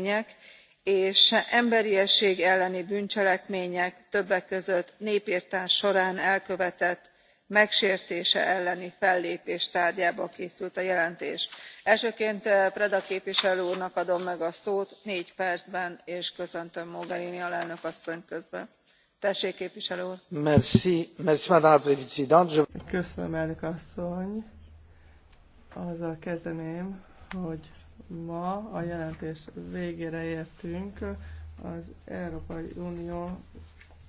bűncselekmények és emberiesség elleni bűncselekmények többek között népirtás során elkövetett megsértése elleni fellépés tárgyába készült a jelentés. elsőként eh, preda képviselő úrnak adom meg a szót négy percben és köszöntöm mogherini alelnök asszonyt közben. tessék képviselő úr! köszönöm elnök asszony! azzal kezdeném hogy Ma a jelentés végére értünk. Az Európai Unió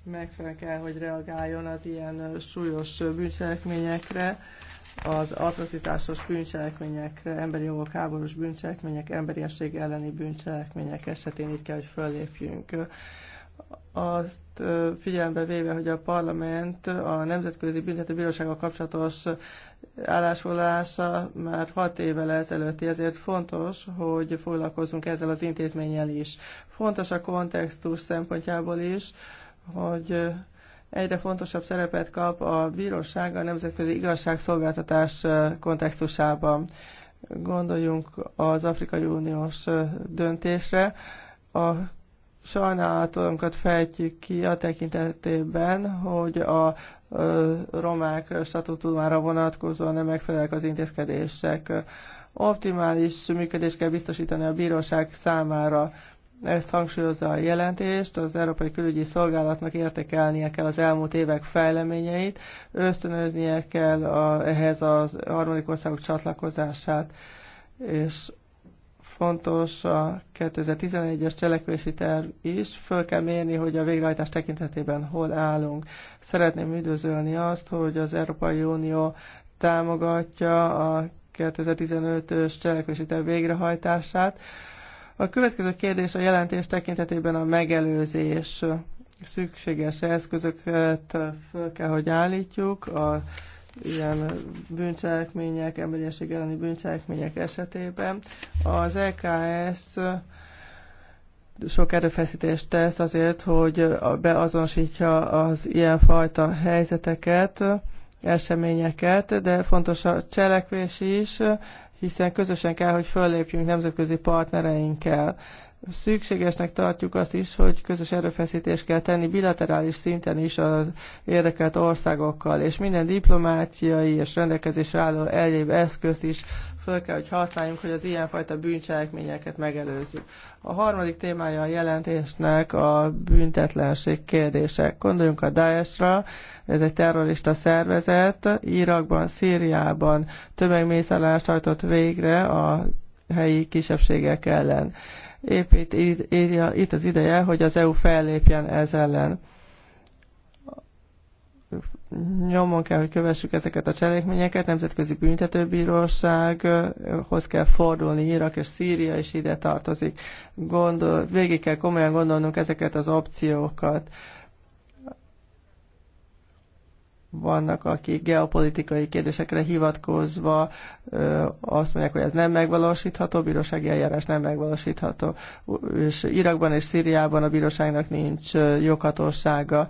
megfelelően kell, hogy reagáljon az ilyen súlyos bűncselekményekre, az atrocitásos bűncselekményekre, emberi jogok háborús bűncselekmények, emberiesség elleni bűncselekmények esetén így kell, hogy föllépjünk azt figyelembe véve, hogy a parlament a Nemzetközi Büntetőbírósággal kapcsolatos állásfoglalása már hat évvel ezelőtti, ezért fontos, hogy foglalkozunk ezzel az intézménnyel is. Fontos a kontextus szempontjából is, hogy egyre fontosabb szerepet kap a bíróság a nemzetközi igazságszolgáltatás kontextusában. Gondoljunk az Afrikai Uniós döntésre, a sajnálatunkat fejtjük ki a tekintetében, hogy a romák statutumára vonatkozóan nem megfelelnek az intézkedések. Optimális működést kell biztosítani a bíróság számára. Ezt hangsúlyozza a jelentést, az Európai Külügyi Szolgálatnak értékelnie kell az elmúlt évek fejleményeit, ösztönöznie kell a, ehhez az harmadik országok csatlakozását, és fontos a 2011-es cselekvési terv is. Föl kell mérni, hogy a végrehajtás tekintetében hol állunk. Szeretném üdvözölni azt, hogy az Európai Unió támogatja a 2015-ös cselekvési terv végrehajtását. A következő kérdés a jelentés tekintetében a megelőzés. Szükséges eszközöket föl kell, hogy állítjuk. A ilyen bűncselekmények, emberiesség elleni bűncselekmények esetében. Az LKS e sok erőfeszítést tesz azért, hogy beazonosítja az ilyenfajta helyzeteket, eseményeket, de fontos a cselekvés is, hiszen közösen kell, hogy föllépjünk nemzetközi partnereinkkel. Szükségesnek tartjuk azt is, hogy közös erőfeszítést kell tenni bilaterális szinten is az érdekelt országokkal, és minden diplomáciai és rendelkezésre álló egyéb eszközt is föl kell, hogy használjunk, hogy az ilyenfajta bűncselekményeket megelőzzük. A harmadik témája a jelentésnek a büntetlenség kérdése. Gondoljunk a Daesh-ra, ez egy terrorista szervezet, Irakban, Szíriában tömegmészállást hajtott végre a helyi kisebbségek ellen épp itt, írja, itt az ideje, hogy az EU fellépjen ez ellen. Nyomon kell, hogy kövessük ezeket a cselekményeket, Nemzetközi Büntetőbírósághoz kell fordulni, Irak és Szíria is ide tartozik. Gondol, végig kell komolyan gondolnunk ezeket az opciókat vannak, akik geopolitikai kérdésekre hivatkozva ö, azt mondják, hogy ez nem megvalósítható, bírósági eljárás nem megvalósítható, és Irakban és Szíriában a bíróságnak nincs joghatósága.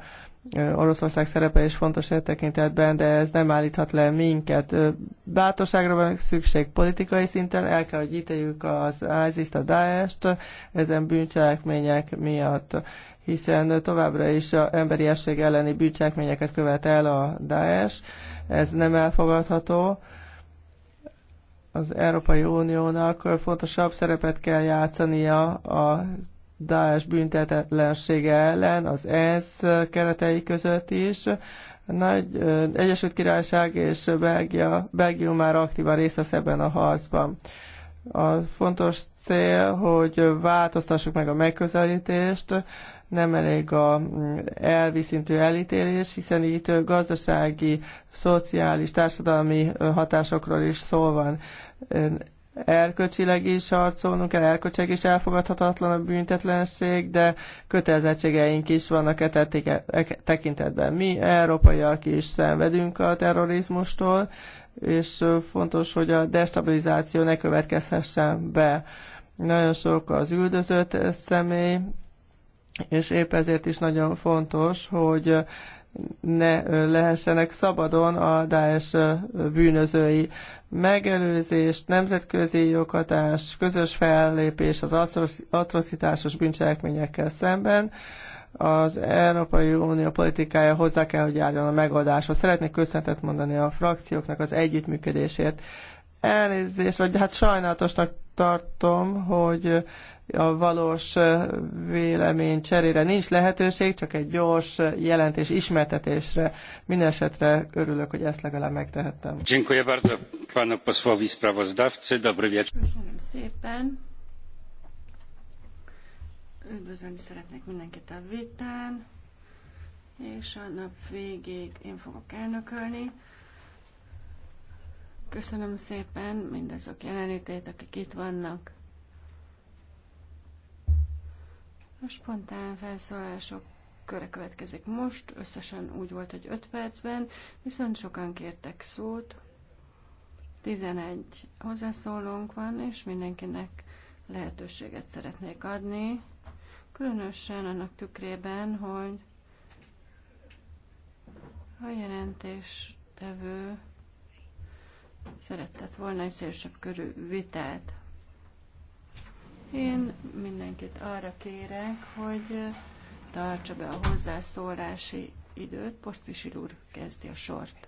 Oroszország szerepe is fontos e tekintetben, de ez nem állíthat le minket. Bátorságra van szükség politikai szinten, el kell, hogy ítéljük az ISIS-t, a Daesh-t ezen bűncselekmények miatt hiszen továbbra is a emberiesség elleni bűncselekményeket követ el a Daesh. Ez nem elfogadható. Az Európai Uniónak fontosabb szerepet kell játszania a Daesh büntetetlensége ellen, az ENSZ keretei között is. Nagy Egyesült Királyság és Belgia, Belgium már aktívan részt vesz ebben a harcban. A fontos cél, hogy változtassuk meg a megközelítést, nem elég a mm, elvi szintű elítélés, hiszen itt gazdasági, szociális, társadalmi hatásokról is szó van. Erkölcsileg is harcolnunk kell, erkölcsileg is elfogadhatatlan a büntetlenség, de kötelezettségeink is vannak e, e tekintetben. Mi, európaiak is szenvedünk a terrorizmustól, és fontos, hogy a destabilizáció ne következhessen be. Nagyon sok az üldözött személy, és épp ezért is nagyon fontos, hogy ne lehessenek szabadon a Daesh bűnözői. Megelőzést, nemzetközi joghatás, közös fellépés az atrocitásos bűncselekményekkel szemben, az Európai Unió politikája hozzá kell, hogy járjon a megoldáshoz. Szeretnék köszönetet mondani a frakcióknak az együttműködésért. Elnézést, vagy hát sajnálatosnak tartom, hogy a valós vélemény cserére nincs lehetőség, csak egy gyors jelentés ismertetésre. Mindenesetre örülök, hogy ezt legalább megtehettem. Dziękuję bardzo panu posłowi sprawozdawcy. Dobry wieczór. Köszönöm szépen. Üdvözölni szeretnék mindenkit a vitán, és a nap végéig én fogok elnökölni. Köszönöm szépen mindazok jelenlétét, akik itt vannak. A spontán felszólalások köre következik most, összesen úgy volt, hogy 5 percben, viszont sokan kértek szót, 11 hozzászólónk van, és mindenkinek lehetőséget szeretnék adni, különösen annak tükrében, hogy a tevő szeretett volna egy szélesebb körű vitát. Én mindenkit arra kérek, hogy tartsa be a hozzászólási időt. Posztvisil úr kezdi a sort.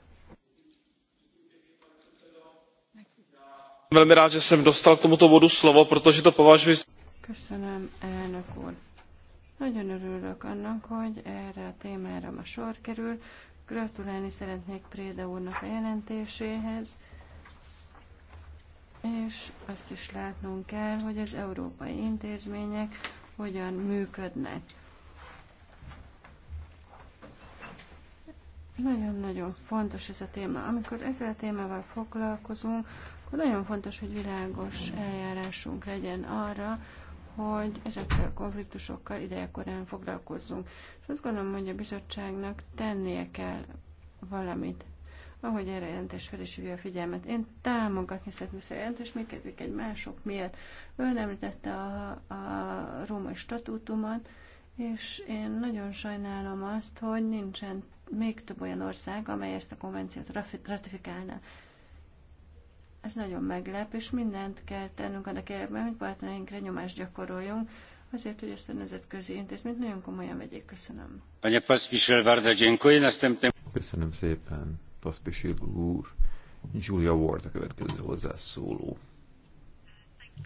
Velmi rád, že jsem dostal k tomuto bodu slovo, protože to považuji... Köszönöm, elnök úr. Nagyon örülök annak, hogy erre a témára ma sor kerül. Gratulálni szeretnék Préda úrnak a jelentéséhez és azt is látnunk kell, hogy az európai intézmények hogyan működnek. Nagyon-nagyon fontos ez a téma. Amikor ezzel a témával foglalkozunk, akkor nagyon fontos, hogy világos eljárásunk legyen arra, hogy ezekkel a konfliktusokkal idejekorán foglalkozzunk. És azt gondolom, hogy a bizottságnak tennie kell valamit ahogy erre jelentés fel is a figyelmet. Én támogatni szeretném ezt a jelentést, még egy mások miért. Ön említette a, a római statútumot, és én nagyon sajnálom azt, hogy nincsen még több olyan ország, amely ezt a konvenciót ratifikálna. Ez nagyon meglep, és mindent kell tennünk annak érdekében, hogy partnereinkre nyomást gyakoroljunk, azért, hogy ezt a nemzetközi intézményt nagyon komolyan vegyék. Köszönöm. Köszönöm szépen. Paszpisil úr. Julia Ward a következő hozzászóló.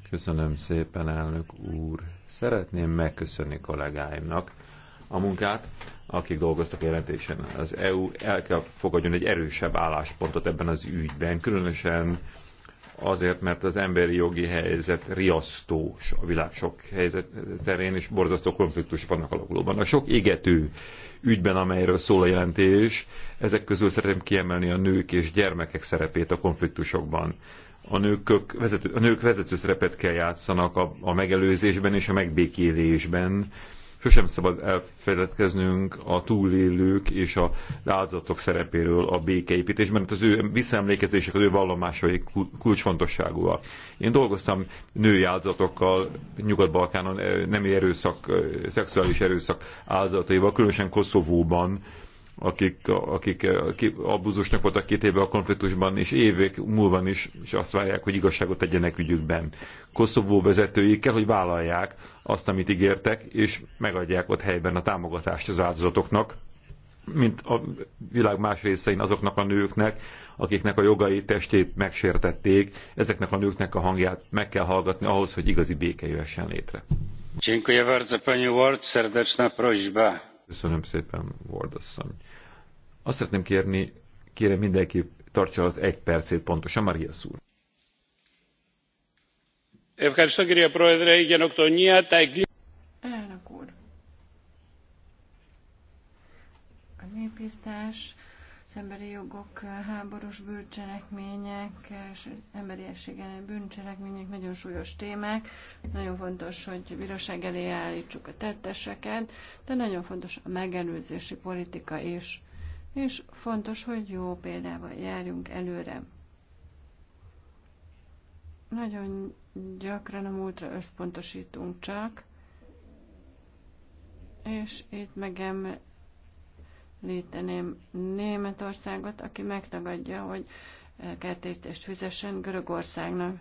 Köszönöm szépen, elnök úr. Szeretném megköszönni kollégáimnak a munkát, akik dolgoztak jelentésen. Az EU el kell fogadjon egy erősebb álláspontot ebben az ügyben, különösen azért, mert az emberi jogi helyzet riasztó a világ sok helyzet terén, és borzasztó konfliktus vannak alakulóban. A sok égető ügyben, amelyről szól a jelentés, ezek közül szeretném kiemelni a nők és gyermekek szerepét a konfliktusokban. A, nőkök, vezető, a nők vezető szerepet kell játszanak a, a megelőzésben és a megbékélésben, Sosem szabad elfeledkeznünk a túlélők és a áldozatok szerepéről a békeépítésben, mert az ő visszaemlékezések, az ő vallomásai kulcsfontosságúak. Én dolgoztam női áldozatokkal Nyugat-Balkánon, eh, nemi erőszak, eh, szexuális erőszak áldozataival, különösen Koszovóban, akik, akik abúzusnak voltak két éve a konfliktusban, és évek múlva is, és azt várják, hogy igazságot tegyenek ügyükben. Koszovó vezetői kell, hogy vállalják azt, amit ígértek, és megadják ott helyben a támogatást az áldozatoknak, mint a világ más részein azoknak a nőknek, akiknek a jogai testét megsértették, ezeknek a nőknek a hangját meg kell hallgatni ahhoz, hogy igazi béke jöhessen létre. Dziękuję bardzo, pani Ward. Serdeczna prośba Köszönöm szépen, Vordasszony. Azt szeretném kérni, kérem mindenki tartsa az egy percét pontosan, Maria Szúr. Elnök úr, a népisztás az emberi jogok, háborús bűncselekmények, és emberiesség elleni bűncselekmények nagyon súlyos témák. Nagyon fontos, hogy bíróság elé állítsuk a tetteseket, de nagyon fontos a megelőzési politika is. És fontos, hogy jó példával járjunk előre. Nagyon gyakran a múltra összpontosítunk csak, és itt megem, említeném Németországot, aki megtagadja, hogy eh, kertértést fizessen Görögországnak.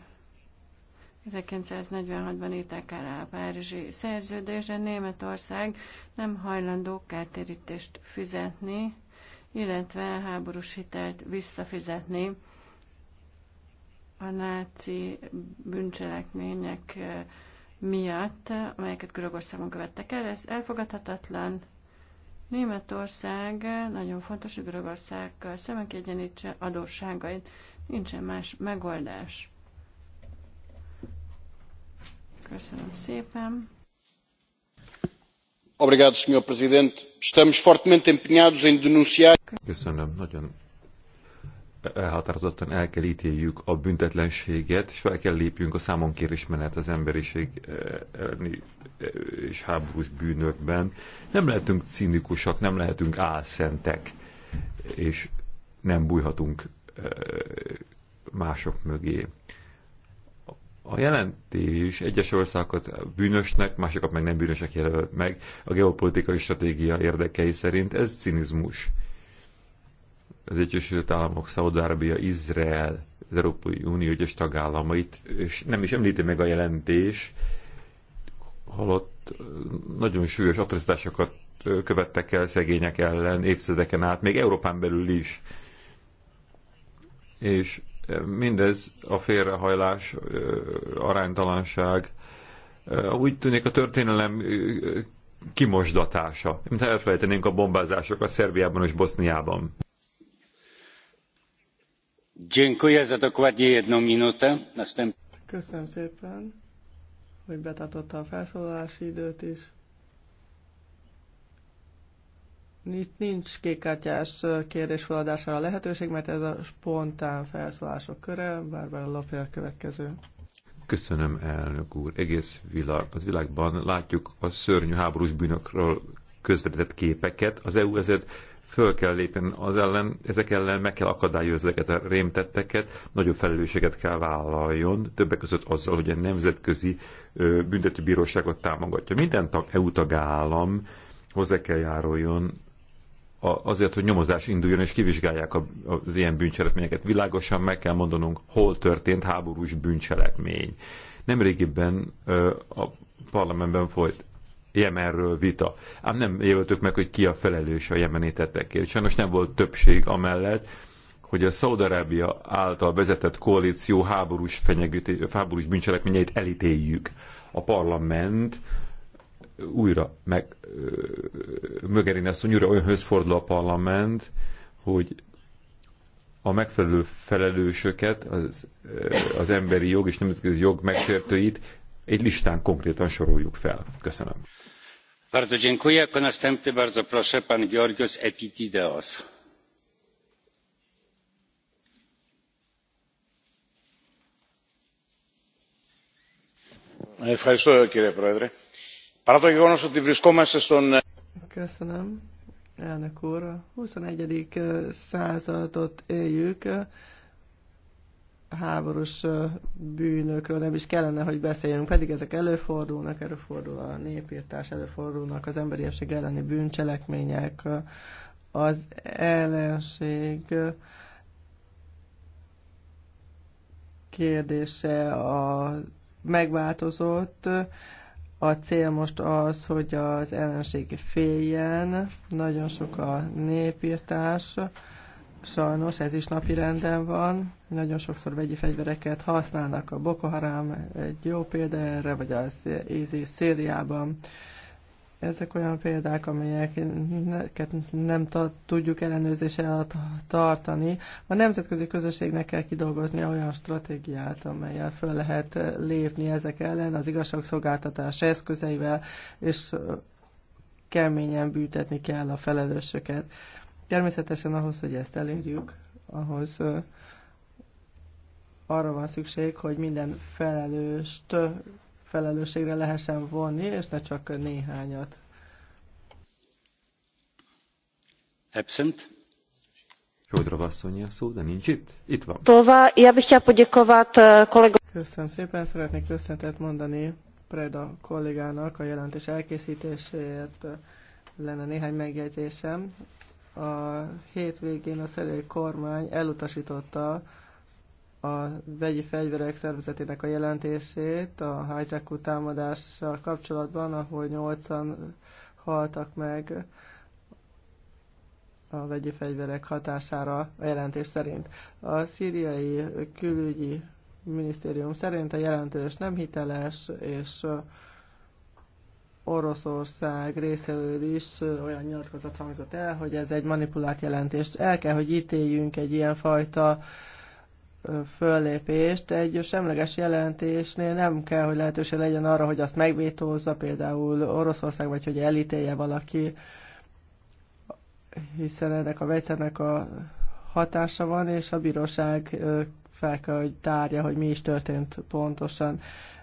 1946-ban írták el a Párizsi szerződésre, Németország nem hajlandó kártérítést fizetni, illetve háborús hitelt visszafizetni a náci bűncselekmények eh, miatt, amelyeket Görögországon követtek el. Ez elfogadhatatlan, Németország nagyon fontos, hogy Görögországgal szemben kiegyenlítse adósságait. Nincsen más megoldás. Köszönöm szépen. Obrigado, Sr. Presidente. Estamos fortemente empenhados em denunciar. Köszönöm, nagyon elhatározottan el kell ítéljük a büntetlenséget, és fel kell lépjünk a számonkérés mellett az emberiség eh, elleni eh, és háborús bűnökben. Nem lehetünk cinikusak, nem lehetünk álszentek, és nem bújhatunk eh, mások mögé. A jelentés egyes országokat bűnösnek, másokat meg nem bűnösek jelölt meg a geopolitikai stratégia érdekei szerint. Ez cinizmus az Egyesült Államok, Szaudárabia, Izrael, az Európai Unió egyes tagállamait, és nem is említi meg a jelentés, halott nagyon súlyos atrocitásokat követtek el szegények ellen évtizedeken át, még Európán belül is. És mindez a félrehajlás, aránytalanság, úgy tűnik a történelem kimosdatása. Mint elfelejtenénk a bombázásokat Szerbiában és Boszniában. Köszönöm szépen, hogy betartotta a felszólalási időt is. Itt nincs kékkártyás kérdés feladására lehetőség, mert ez a spontán felszólások köre. Bárbara Lopé a következő. Köszönöm, elnök úr. Egész világ, az világban látjuk a szörnyű háborús bűnökről közvetett képeket. Az EU ezért föl kell lépni az ellen, ezek ellen meg kell akadályozni ezeket a rémtetteket, nagyobb felelősséget kell vállaljon, többek között azzal, hogy a nemzetközi büntetőbíróságot támogatja. Minden tag, EU tagállam hozzá kell járuljon azért, hogy nyomozás induljon és kivizsgálják az ilyen bűncselekményeket. Világosan meg kell mondanunk, hol történt háborús bűncselekmény. Nemrégiben a parlamentben folyt Jemenről vita. Ám nem jelöltük meg, hogy ki a felelős a jemeni tettekért. Sajnos nem volt többség amellett, hogy a Szaudarábia által vezetett koalíció háborús, háborús bűncselekményeit elítéljük. A parlament újra, meg Mögerin asszony újra önhöz fordul a parlament, hogy a megfelelő felelősöket, az, az emberi jog és nemzetközi jog megsértőit egy listán konkrétan soroljuk fel. Köszönöm. Bardzo dziękuję. Jako następny bardzo proszę pan Georgios Epitideos. Ευχαριστώ κύριε Πρόεδρε. Παρά το γεγονός ότι βρισκόμαστε στον... Köszönöm, elnök úr. 21. századot éljük háborús bűnökről nem is kellene, hogy beszéljünk, pedig ezek előfordulnak, előfordul a népírtás, előfordulnak az emberiesség elleni bűncselekmények, az ellenség kérdése a megváltozott. A cél most az, hogy az ellenség féljen, nagyon sok a népírtás, Sajnos ez is napi renden van. Nagyon sokszor vegyi fegyvereket használnak a Boko Haram, egy jó példa erre, vagy az ISIS Szíriában. Ezek olyan példák, amelyeket nem tudjuk ellenőrzés alatt tartani. A nemzetközi közösségnek kell kidolgozni olyan stratégiát, amelyel föl lehet lépni ezek ellen az igazságszolgáltatás eszközeivel, és keményen büntetni kell a felelősöket. Természetesen ahhoz, hogy ezt elérjük, ahhoz arra van szükség, hogy minden felelőst felelősségre lehessen vonni, és ne csak néhányat. Absent. Jódra asszonyi a szó, de nincs itt. Itt van. Tova, já bych chtěla poděkovat eh, kolego... Köszönöm szépen, szeretnék köszönetet mondani Preda kollégának a jelentés elkészítéséért. Lenne néhány megjegyzésem. A hétvégén a szerély kormány elutasította a vegyi fegyverek szervezetének a jelentését a hijackú támadással kapcsolatban, ahol nyolcan haltak meg a vegyi fegyverek hatására a jelentés szerint. A szíriai külügyi minisztérium szerint a jelentős nem hiteles, és Oroszország részéről is olyan nyilatkozat hangzott el, hogy ez egy manipulált jelentést. El kell, hogy ítéljünk egy ilyen fajta föllépést. Egy semleges jelentésnél nem kell, hogy lehetőség legyen arra, hogy azt megvétózza például Oroszország, vagy hogy elítélje valaki, hiszen ennek a vegyszernek a hatása van, és a bíróság fel kell, hogy tárja, hogy mi is történt pontosan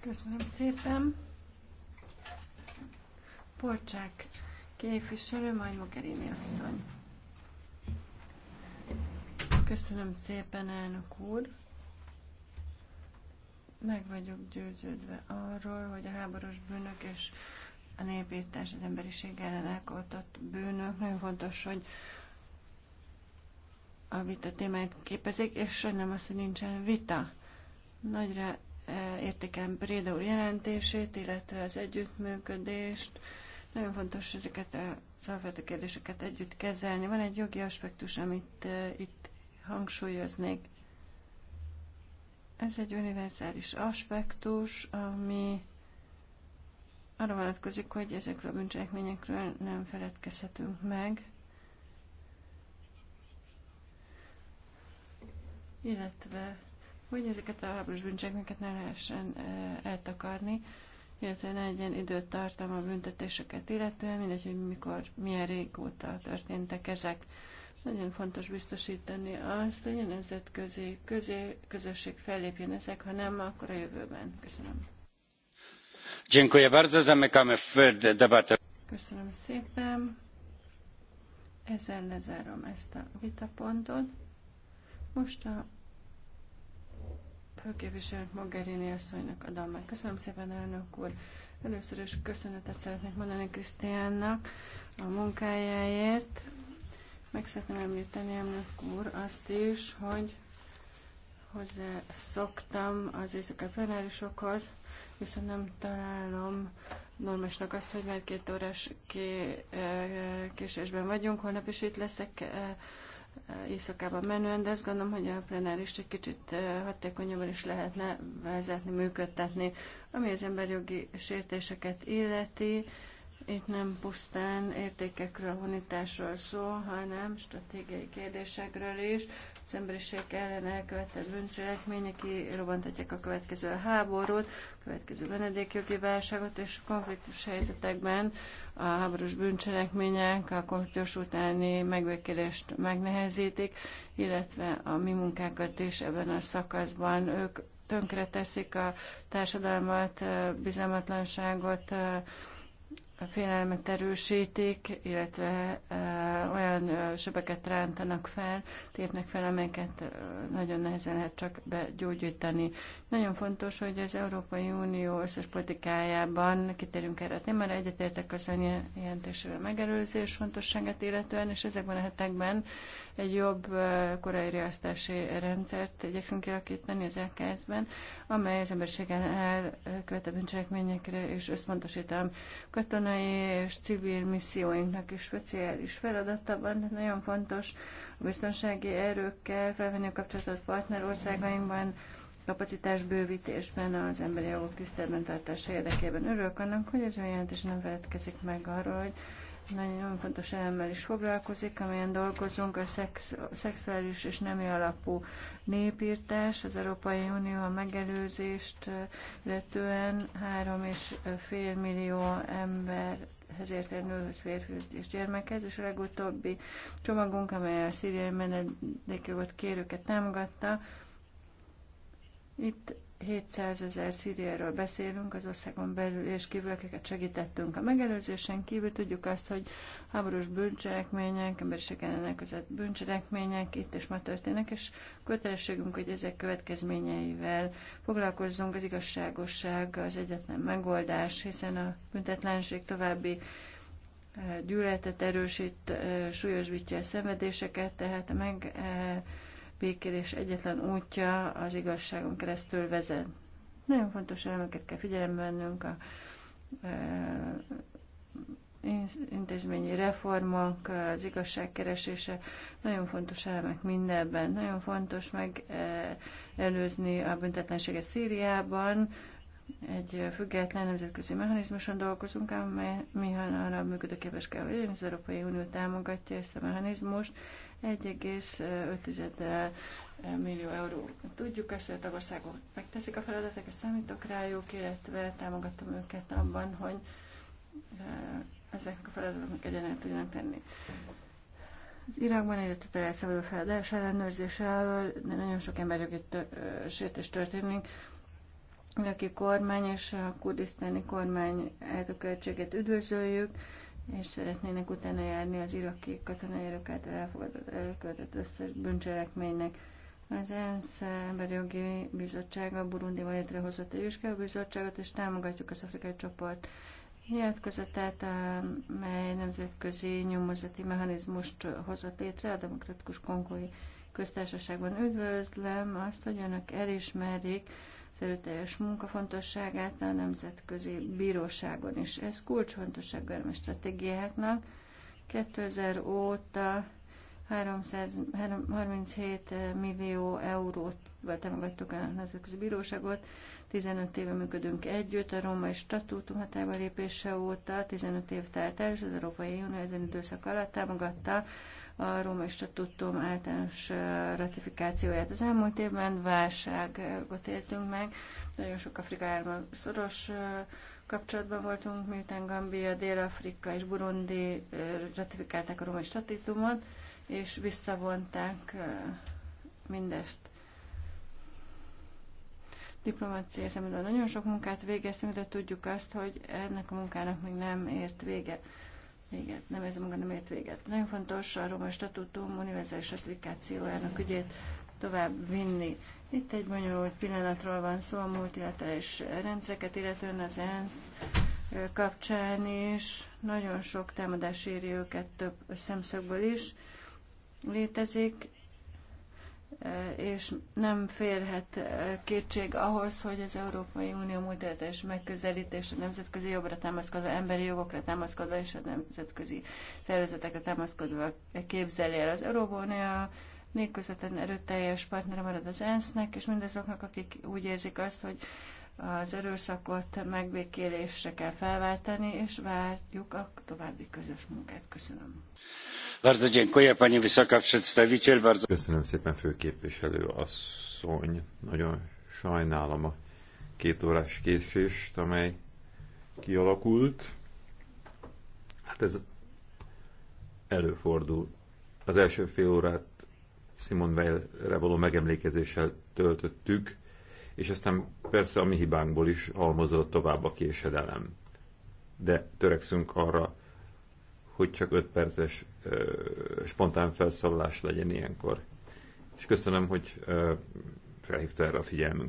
Köszönöm szépen. Polcsák képviselő, majd Mogherini asszony. Köszönöm szépen, elnök úr. Meg vagyok győződve arról, hogy a háborús bűnök és a népírtás, az emberiség ellen elkoltott bűnök nagyon fontos, hogy a vita témáját képezik, és sajnálom azt, hogy nincsen vita. Nagyra értékelem Bréda úr jelentését, illetve az együttműködést. Nagyon fontos ezeket a alapvető kérdéseket együtt kezelni. Van egy jogi aspektus, amit eh, itt hangsúlyoznék. Ez egy univerzális aspektus, ami arra vonatkozik, hogy ezekről a bűncselekményekről nem feledkezhetünk meg. Illetve hogy ezeket a háborús bűncselekményeket ne lehessen eltakarni, illetve ne legyen időtartama a büntetéseket, illetően mindegy, hogy mikor, milyen régóta történtek ezek. Nagyon fontos biztosítani azt, hogy a nemzetközi közé, közösség fellépjen ezek, ha nem, akkor a jövőben. Köszönöm. Köszönöm szépen. Ezzel lezárom ezt a vitapontot. Most a Főképviselő Mogherini asszonynak adom meg. Köszönöm szépen, elnök úr. Először is köszönetet szeretnék mondani Krisztiánnak a munkájáért. Meg szeretném említeni, elnök úr, azt is, hogy hozzá szoktam az éjszaka plenárisokhoz, viszont nem találom normálisnak azt, hogy már két órás eh, késésben vagyunk, holnap is itt leszek eh, éjszakában menően, de azt gondolom, hogy a plenáris egy kicsit hatékonyabban is lehetne vezetni, működtetni, ami az emberjogi sértéseket illeti. Itt nem pusztán értékekről, honításról szól, hanem stratégiai kérdésekről is. Az emberiség ellen elkövetett bűncselekmények kirobbantatják a következő háborút, a következő menedékjogi válságot, és a konfliktus helyzetekben a háborús bűncselekmények a konfliktus utáni megbékélést megnehezítik, illetve a mi munkákat is ebben a szakaszban ők tönkreteszik a társadalmat, bizalmatlanságot, félelmet erősítik, illetve olyan sebeket rántanak fel, tépnek fel, amelyeket nagyon nehezen lehet csak begyógyítani. Nagyon fontos, hogy az Európai Unió összes politikájában kitérünk erre a témára, egyetértek az önjelentésről megelőzés fontosságát illetően, és ezekben a hetekben egy jobb korai riasztási rendszert igyekszünk kialakítani az EKS-ben, amely az emberiségen elkövetett bűncselekményekre és összpontosítom katonai és civil misszióinknak is speciális feladata van, tehát nagyon fontos a biztonsági erőkkel felvenni a kapcsolatot partnerországainkban, kapacitás bővítésben, az emberi jogok tiszteletben tartása érdekében. Örülök annak, hogy ez olyan jelentés nem feledkezik meg arról, hogy nagyon fontos elemmel is foglalkozik, amelyen dolgozunk, a szex, szexuális és nemi alapú népírtás. Az Európai Unió a megelőzést illetően három és fél millió ember ezért nőhöz, férfihoz és gyermekhez, és a legutóbbi csomagunk, amely a szíriai menedékjogot kérőket támogatta, itt 700 ezer szíriáról beszélünk az országon belül és kívül, akiket segítettünk a megelőzésen kívül. Tudjuk azt, hogy háborús bűncselekmények, emberisegen elkövetett bűncselekmények itt és ma történnek, és kötelességünk, hogy ezek következményeivel foglalkozzunk. Az igazságosság az egyetlen megoldás, hiszen a büntetlenség további eh, gyűlöletet erősít, eh, súlyosbítja a szenvedéseket, tehát a meg eh, békélés egyetlen útja az igazságon keresztül vezet. Nagyon fontos elemeket kell figyelembe vennünk a e, intézményi reformok, az igazságkeresése, nagyon fontos elemek mindenben. Nagyon fontos meg e, előzni a büntetlenséget Szíriában, egy független nemzetközi mechanizmuson dolgozunk, amely mi arra működőképes kell, hogy az Európai Unió támogatja ezt a mechanizmust. 1,5 millió euró. Tudjuk ezt, hogy a tagországok megteszik a feladatokat, számítok rájuk, illetve támogatom őket abban, hogy ezek a feladatok egyenlően tudjanak tenni. Az Irakban egyre terjedt szabaduló feladás ellenőrzése alól nagyon sok emberjogi sértés történik, iraki kormány és a kurdisztáni kormány eltököltséget üdvözöljük, és szeretnének utána járni az iraki katonai erők által elfogadott, elkövetett összes bűncselekménynek. Az ENSZ Emberjogi Bizottsága Burundival létrehozott egy bizottságot és támogatjuk az afrikai csoport nyilatkozatát, mely nemzetközi nyomozati mechanizmust hozott létre a demokratikus kongói köztársaságban. Üdvözlöm azt, hogy önök elismerik, az erőteljes munka fontosságát a Nemzetközi Bíróságon is. Ez kulcsfontosság a stratégiáknak. 2000 óta 337 millió eurót támogattuk a Nemzetközi Bíróságot, 15 éve működünk együtt, a római statútum hatályba lépése óta, 15 év telt el, és az Európai Unió ezen időszak alatt támogatta a római statutum általános ratifikációját. Az elmúlt évben válságot éltünk meg, nagyon sok afrikával szoros kapcsolatban voltunk, miután Gambia, Dél-Afrika és Burundi ratifikálták a római statutumot, és visszavonták mindezt diplomáciai szemben nagyon sok munkát végeztünk, de tudjuk azt, hogy ennek a munkának még nem ért vége véget, nem ez maga nem ért véget. Nagyon fontos a Roma Statutum univerzális ratifikációjának ügyét tovább vinni. Itt egy bonyolult pillanatról van szó a multilaterális rendszereket, illetően az ENSZ kapcsán is nagyon sok támadás éri őket több szemszögből is létezik, Eh, és nem férhet eh, kétség ahhoz, hogy az Európai Unió multilaterális megközelítés a nemzetközi jogra támaszkodva, emberi jogokra támaszkodva és a nemzetközi szervezetekre támaszkodva képzeli el. Az Európai Unió még közvetlen erőteljes partnere marad az ENSZ-nek, és mindazoknak, akik úgy érzik azt, hogy az erőszakot megbékélésre kell felváltani, és várjuk a további közös munkát. Köszönöm. Köszönöm szépen, főképviselő asszony. Nagyon sajnálom a két órás késést, amely kialakult. Hát ez előfordul. Az első fél órát Simon Weilre való megemlékezéssel töltöttük, és aztán persze a mi hibánkból is halmozódott tovább a késedelem. De törekszünk arra, hogy csak öt perces spontán felszólalás legyen ilyenkor. És köszönöm, hogy felhívta erre a figyelmünket.